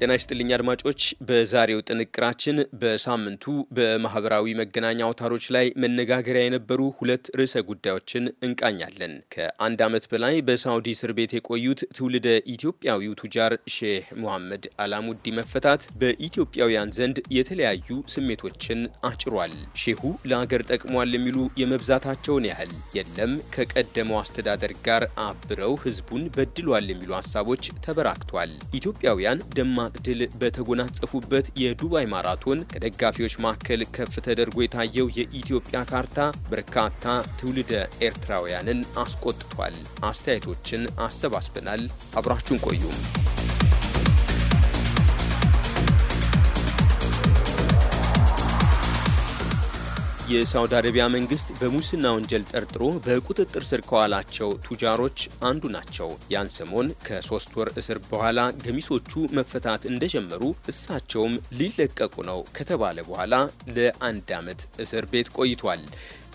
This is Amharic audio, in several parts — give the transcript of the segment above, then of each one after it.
ጤና ይስጥልኝ አድማጮች። በዛሬው ጥንቅራችን በሳምንቱ በማህበራዊ መገናኛ አውታሮች ላይ መነጋገሪያ የነበሩ ሁለት ርዕሰ ጉዳዮችን እንቃኛለን። ከአንድ ዓመት በላይ በሳውዲ እስር ቤት የቆዩት ትውልደ ኢትዮጵያዊው ቱጃር ሼህ ሙሐመድ አላሙዲ መፈታት በኢትዮጵያውያን ዘንድ የተለያዩ ስሜቶችን አጭሯል። ሼሁ ለአገር ጠቅሟል የሚሉ የመብዛታቸውን ያህል የለም ከቀደመው አስተዳደር ጋር አብረው ህዝቡን በድሏል የሚሉ ሀሳቦች ተበራክቷል። ኢትዮጵያውያን ደማ ድል በተጎናጸፉበት የዱባይ ማራቶን ከደጋፊዎች መካከል ከፍ ተደርጎ የታየው የኢትዮጵያ ካርታ በርካታ ትውልደ ኤርትራውያንን አስቆጥቷል። አስተያየቶችን አሰባስበናል። አብራችሁን ቆዩም የሳውዲ አረቢያ መንግስት በሙስና ወንጀል ጠርጥሮ በቁጥጥር ስር ከዋላቸው ቱጃሮች አንዱ ናቸው። ያን ሰሞን ከሶስት ወር እስር በኋላ ገሚሶቹ መፈታት እንደጀመሩ እሳቸውም ሊለቀቁ ነው ከተባለ በኋላ ለአንድ ዓመት እስር ቤት ቆይቷል።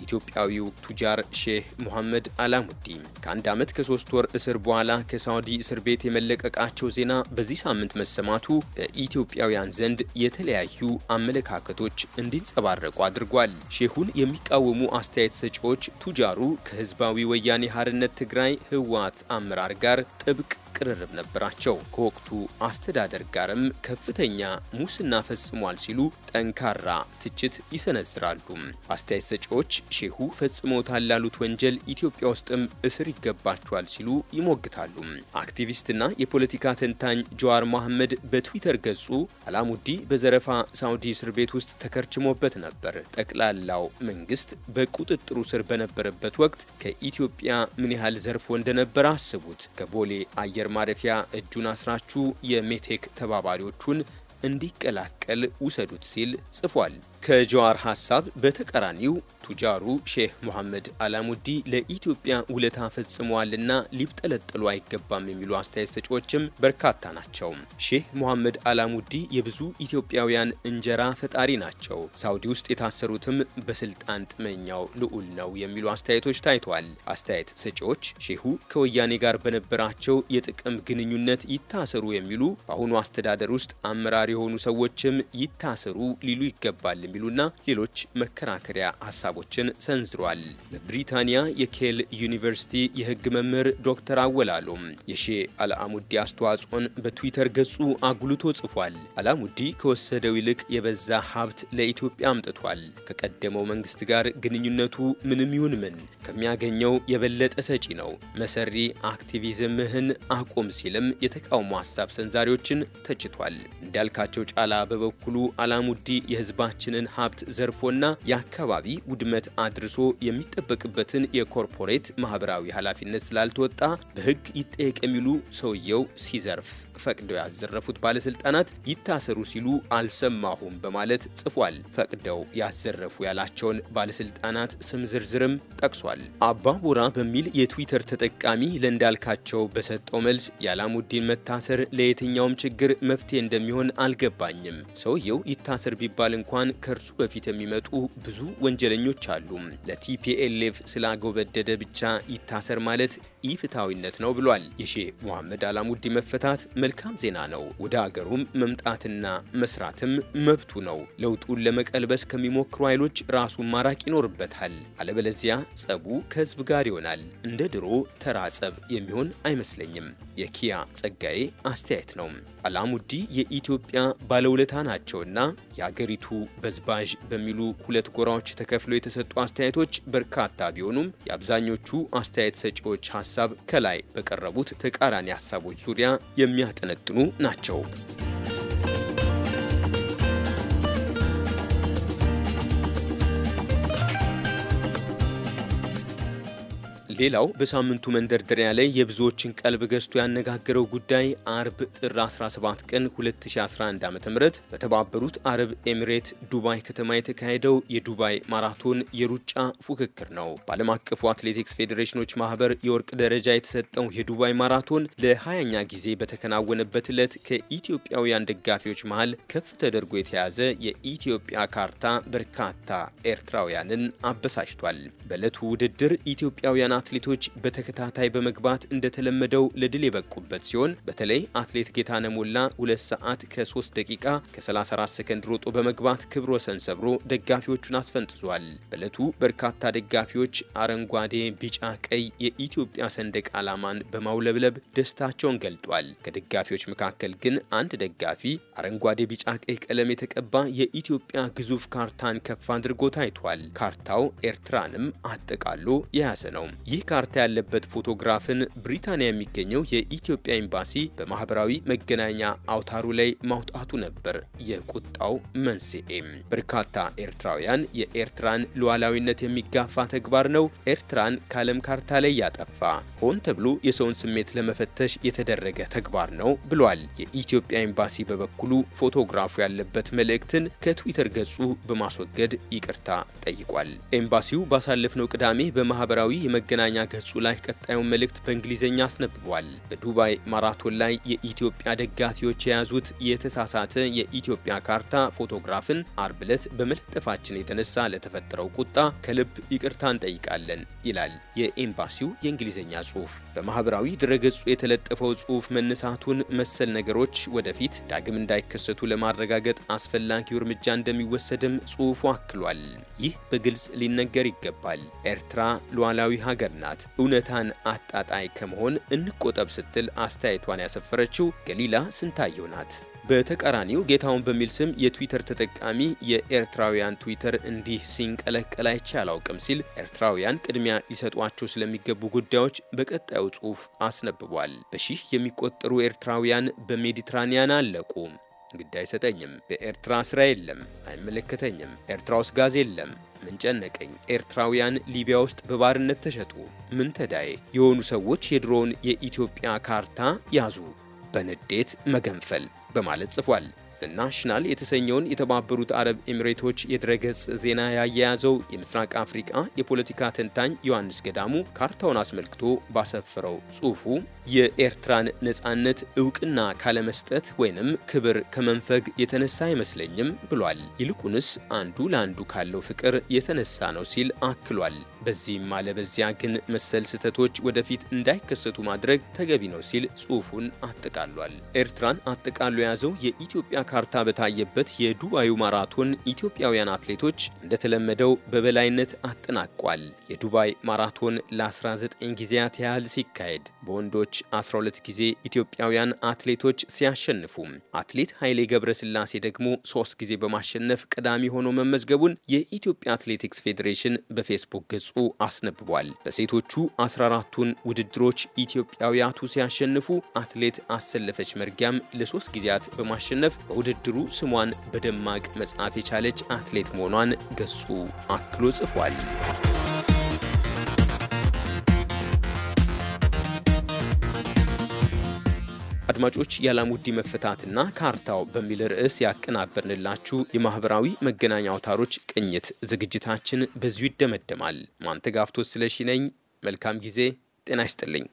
ኢትዮጵያዊው ቱጃር ሼህ ሙሐመድ አላሙዲ ከአንድ ዓመት ከሶስት ወር እስር በኋላ ከሳውዲ እስር ቤት የመለቀቃቸው ዜና በዚህ ሳምንት መሰማቱ በኢትዮጵያውያን ዘንድ የተለያዩ አመለካከቶች እንዲንጸባረቁ አድርጓል። ሼሁን የሚቃወሙ አስተያየት ሰጪዎች ቱጃሩ ከህዝባዊ ወያኔ ሀርነት ትግራይ ህወሓት አመራር ጋር ጥብቅ ቅርርብ ነበራቸው። ከወቅቱ አስተዳደር ጋርም ከፍተኛ ሙስና ፈጽሟል ሲሉ ጠንካራ ትችት ይሰነዝራሉ። አስተያየት ሰጪዎች ሼሁ ፈጽመውታል ላሉት ወንጀል ኢትዮጵያ ውስጥም እስር ይገባቸዋል ሲሉ ይሞግታሉ። አክቲቪስትና የፖለቲካ ተንታኝ ጀዋር መሐመድ በትዊተር ገጹ አላሙዲ በዘረፋ ሳውዲ እስር ቤት ውስጥ ተከርችሞበት ነበር። ጠቅላላው መንግስት በቁጥጥሩ ስር በነበረበት ወቅት ከኢትዮጵያ ምን ያህል ዘርፎ እንደነበረ አስቡት። ከቦሌ አየር አየር ማረፊያ እጁን አስራችሁ የሜቴክ ተባባሪዎቹን እንዲቀላቀል ውሰዱት ሲል ጽፏል። ከጀዋር ሀሳብ በተቃራኒው ቱጃሩ ሼህ ሙሐመድ አላሙዲ ለኢትዮጵያ ውለታ ፈጽመዋልና ሊብጠለጠሉ አይገባም የሚሉ አስተያየት ሰጪዎችም በርካታ ናቸው። ሼህ ሙሐመድ አላሙዲ የብዙ ኢትዮጵያውያን እንጀራ ፈጣሪ ናቸው። ሳውዲ ውስጥ የታሰሩትም በስልጣን ጥመኛው ልዑል ነው የሚሉ አስተያየቶች ታይቷል። አስተያየት ሰጪዎች ሼሁ ከወያኔ ጋር በነበራቸው የጥቅም ግንኙነት ይታሰሩ የሚሉ፣ በአሁኑ አስተዳደር ውስጥ አመራር የሆኑ ሰዎችም ይታሰሩ ሊሉ ይገባል የሚሉና ሌሎች መከራከሪያ ሀሳቦችን ሰንዝሯል። በብሪታንያ የኬል ዩኒቨርሲቲ የህግ መምህር ዶክተር አወላሉ የሼ አልአሙዲ አስተዋጽኦን በትዊተር ገጹ አጉልቶ ጽፏል። አልአሙዲ ከወሰደው ይልቅ የበዛ ሀብት ለኢትዮጵያ አምጥቷል። ከቀደመው መንግስት ጋር ግንኙነቱ ምንም ይሁን ምን ከሚያገኘው የበለጠ ሰጪ ነው። መሰሪ አክቲቪዝምህን አቁም ሲልም የተቃውሞ ሀሳብ ሰንዛሪዎችን ተችቷል። እንዳልካቸው ጫላ በበኩሉ አላሙዲ የህዝባችንን ያለንን ሀብት ዘርፎና የአካባቢ ውድመት አድርሶ የሚጠበቅበትን የኮርፖሬት ማህበራዊ ኃላፊነት ስላልተወጣ በህግ ይጠየቅ የሚሉ ሰውየው ሲዘርፍ ፈቅደው ያዘረፉት ባለስልጣናት ይታሰሩ ሲሉ አልሰማሁም በማለት ጽፏል። ፈቅደው ያዘረፉ ያላቸውን ባለስልጣናት ስም ዝርዝርም ጠቅሷል። አባቦራ በሚል የትዊተር ተጠቃሚ ለእንዳልካቸው በሰጠው መልስ የአላሙዲን መታሰር ለየትኛውም ችግር መፍትሄ እንደሚሆን አልገባኝም። ሰውየው ይታሰር ቢባል እንኳን ከ ከእርሱ በፊት የሚመጡ ብዙ ወንጀለኞች አሉ። ለቲፒኤልኤፍ ስላጎበደደ ብቻ ይታሰር ማለት ኢፍትሐዊነት ነው ብሏል። የሼህ መሐመድ አላሙዲ መፈታት መልካም ዜና ነው። ወደ አገሩም መምጣትና መስራትም መብቱ ነው። ለውጡን ለመቀልበስ ከሚሞክሩ ኃይሎች ራሱን ማራቅ ይኖርበታል። አለበለዚያ ጸቡ ከህዝብ ጋር ይሆናል። እንደ ድሮ ተራ ጸብ የሚሆን አይመስለኝም። የኪያ ጸጋዬ አስተያየት ነው። አላሙዲ የኢትዮጵያ ባለውለታ ናቸውና የአገሪቱ በዝባዥ በሚሉ ሁለት ጎራዎች ተከፍለው የተሰጡ አስተያየቶች በርካታ ቢሆኑም የአብዛኞቹ አስተያየት ሰጪዎች ሀሳብ ከላይ በቀረቡት ተቃራኒ ሀሳቦች ዙሪያ የሚያጠነጥኑ ናቸው። ሌላው በሳምንቱ መንደርደሪያ ላይ የብዙዎችን ቀልብ ገዝቶ ያነጋገረው ጉዳይ አርብ ጥር 17 ቀን 2011 ዓ ም በተባበሩት አረብ ኤሚሬት ዱባይ ከተማ የተካሄደው የዱባይ ማራቶን የሩጫ ፉክክር ነው። በዓለም አቀፉ አትሌቲክስ ፌዴሬሽኖች ማህበር የወርቅ ደረጃ የተሰጠው የዱባይ ማራቶን ለ20ኛ ጊዜ በተከናወነበት ዕለት ከኢትዮጵያውያን ደጋፊዎች መሃል ከፍ ተደርጎ የተያዘ የኢትዮጵያ ካርታ በርካታ ኤርትራውያንን አበሳጭቷል። በዕለቱ ውድድር ኢትዮጵያውያን አትሌ አትሌቶች በተከታታይ በመግባት እንደተለመደው ለድል የበቁበት ሲሆን በተለይ አትሌት ጌታ ሞላ 2 ሰዓት ከ3 ደቂቃ ከ34 ሰከንድ ሮጦ በመግባት ክብረ ወሰን ሰብሮ ደጋፊዎቹን አስፈንጥዟል። በዕለቱ በርካታ ደጋፊዎች አረንጓዴ፣ ቢጫ፣ ቀይ የኢትዮጵያ ሰንደቅ ዓላማን በማውለብለብ ደስታቸውን ገልጧል። ከደጋፊዎች መካከል ግን አንድ ደጋፊ አረንጓዴ፣ ቢጫ፣ ቀይ ቀለም የተቀባ የኢትዮጵያ ግዙፍ ካርታን ከፍ አድርጎ ታይቷል። ካርታው ኤርትራንም አጠቃሎ የያዘ ነው። ይህ ካርታ ያለበት ፎቶግራፍን ብሪታንያ የሚገኘው የኢትዮጵያ ኤምባሲ በማህበራዊ መገናኛ አውታሩ ላይ ማውጣቱ ነበር የቁጣው መንስኤም። በርካታ ኤርትራውያን የኤርትራን ሉዓላዊነት የሚጋፋ ተግባር ነው፣ ኤርትራን ከዓለም ካርታ ላይ ያጠፋ ሆን ተብሎ የሰውን ስሜት ለመፈተሽ የተደረገ ተግባር ነው ብሏል። የኢትዮጵያ ኤምባሲ በበኩሉ ፎቶግራፉ ያለበት መልእክትን ከትዊተር ገጹ በማስወገድ ይቅርታ ጠይቋል። ኤምባሲው ባሳለፍነው ቅዳሜ በማህበራዊ የመገናኛ መገናኛ ገጹ ላይ ቀጣዩን መልእክት በእንግሊዝኛ አስነብቧል። በዱባይ ማራቶን ላይ የኢትዮጵያ ደጋፊዎች የያዙት የተሳሳተ የኢትዮጵያ ካርታ ፎቶግራፍን አርብ ዕለት በመለጠፋችን የተነሳ ለተፈጠረው ቁጣ ከልብ ይቅርታ እንጠይቃለን ይላል የኤምባሲው የእንግሊዝኛ ጽሑፍ። በማህበራዊ ድረገጹ የተለጠፈው ጽሑፍ መነሳቱን መሰል ነገሮች ወደፊት ዳግም እንዳይከሰቱ ለማረጋገጥ አስፈላጊው እርምጃ እንደሚወሰድም ጽሑፉ አክሏል። ይህ በግልጽ ሊነገር ይገባል። ኤርትራ ሉዓላዊ ሀገር ናት። እውነታን አጣጣይ ከመሆን እንቆጠብ ስትል አስተያየቷን ያሰፈረችው ገሊላ ስንታየው ናት። በተቃራኒው ጌታውን በሚል ስም የትዊተር ተጠቃሚ የኤርትራውያን ትዊተር እንዲህ ሲንቀለቀል አይቼ አላውቅም ሲል ኤርትራውያን ቅድሚያ ሊሰጧቸው ስለሚገቡ ጉዳዮች በቀጣዩ ጽሑፍ አስነብቧል። በሺህ የሚቆጠሩ ኤርትራውያን በሜዲትራኒያን አለቁ። ግድ አይሰጠኝም። በኤርትራ ስራ የለም፣ አይመለከተኝም። ኤርትራ ውስጥ ጋዝ የለም፣ ምን ጨነቀኝ። ኤርትራውያን ሊቢያ ውስጥ በባርነት ተሸጡ፣ ምን ተዳዬ። የሆኑ ሰዎች የድሮውን የኢትዮጵያ ካርታ ያዙ፣ በንዴት መገንፈል በማለት ጽፏል። ዘናሽናል የተሰኘውን የተባበሩት አረብ ኤሚሬቶች የድረገጽ ዜና ያያያዘው የምስራቅ አፍሪቃ የፖለቲካ ተንታኝ ዮሐንስ ገዳሙ ካርታውን አስመልክቶ ባሰፈረው ጽሑፉ የኤርትራን ነጻነት እውቅና ካለመስጠት ወይንም ክብር ከመንፈግ የተነሳ አይመስለኝም ብሏል። ይልቁንስ አንዱ ለአንዱ ካለው ፍቅር የተነሳ ነው ሲል አክሏል። በዚህም አለበዚያ ግን መሰል ስህተቶች ወደፊት እንዳይከሰቱ ማድረግ ተገቢ ነው ሲል ጽሑፉን አጠቃሏል። ኤርትራን አጠቃሎ የያዘው የኢትዮጵያ ካርታ በታየበት የዱባዩ ማራቶን ኢትዮጵያውያን አትሌቶች እንደተለመደው በበላይነት አጠናቋል። የዱባይ ማራቶን ለ19 ጊዜያት ያህል ሲካሄድ በወንዶች 12 ጊዜ ኢትዮጵያውያን አትሌቶች ሲያሸንፉ አትሌት ኃይሌ ገብረስላሴ ደግሞ ሶስት ጊዜ በማሸነፍ ቀዳሚ ሆኖ መመዝገቡን የኢትዮጵያ አትሌቲክስ ፌዴሬሽን በፌስቡክ ገጹ አስነብቧል። በሴቶቹ 14ቱን ውድድሮች ኢትዮጵያውያቱ ሲያሸንፉ አትሌት አሰለፈች መርጊያም ለሶስት ጊዜያት በማሸነፍ በውድድሩ ስሟን በደማቅ መጻፍ የቻለች አትሌት መሆኗን ገጹ አክሎ ጽፏል። አድማጮች የዓላሙዲ መፈታትና ካርታው በሚል ርዕስ ያቀናበርንላችሁ የማህበራዊ መገናኛ አውታሮች ቅኝት ዝግጅታችን በዚሁ ይደመደማል። ማንተጋፍቶ ስለሺ ነኝ። መልካም ጊዜ። ጤና ይስጥልኝ።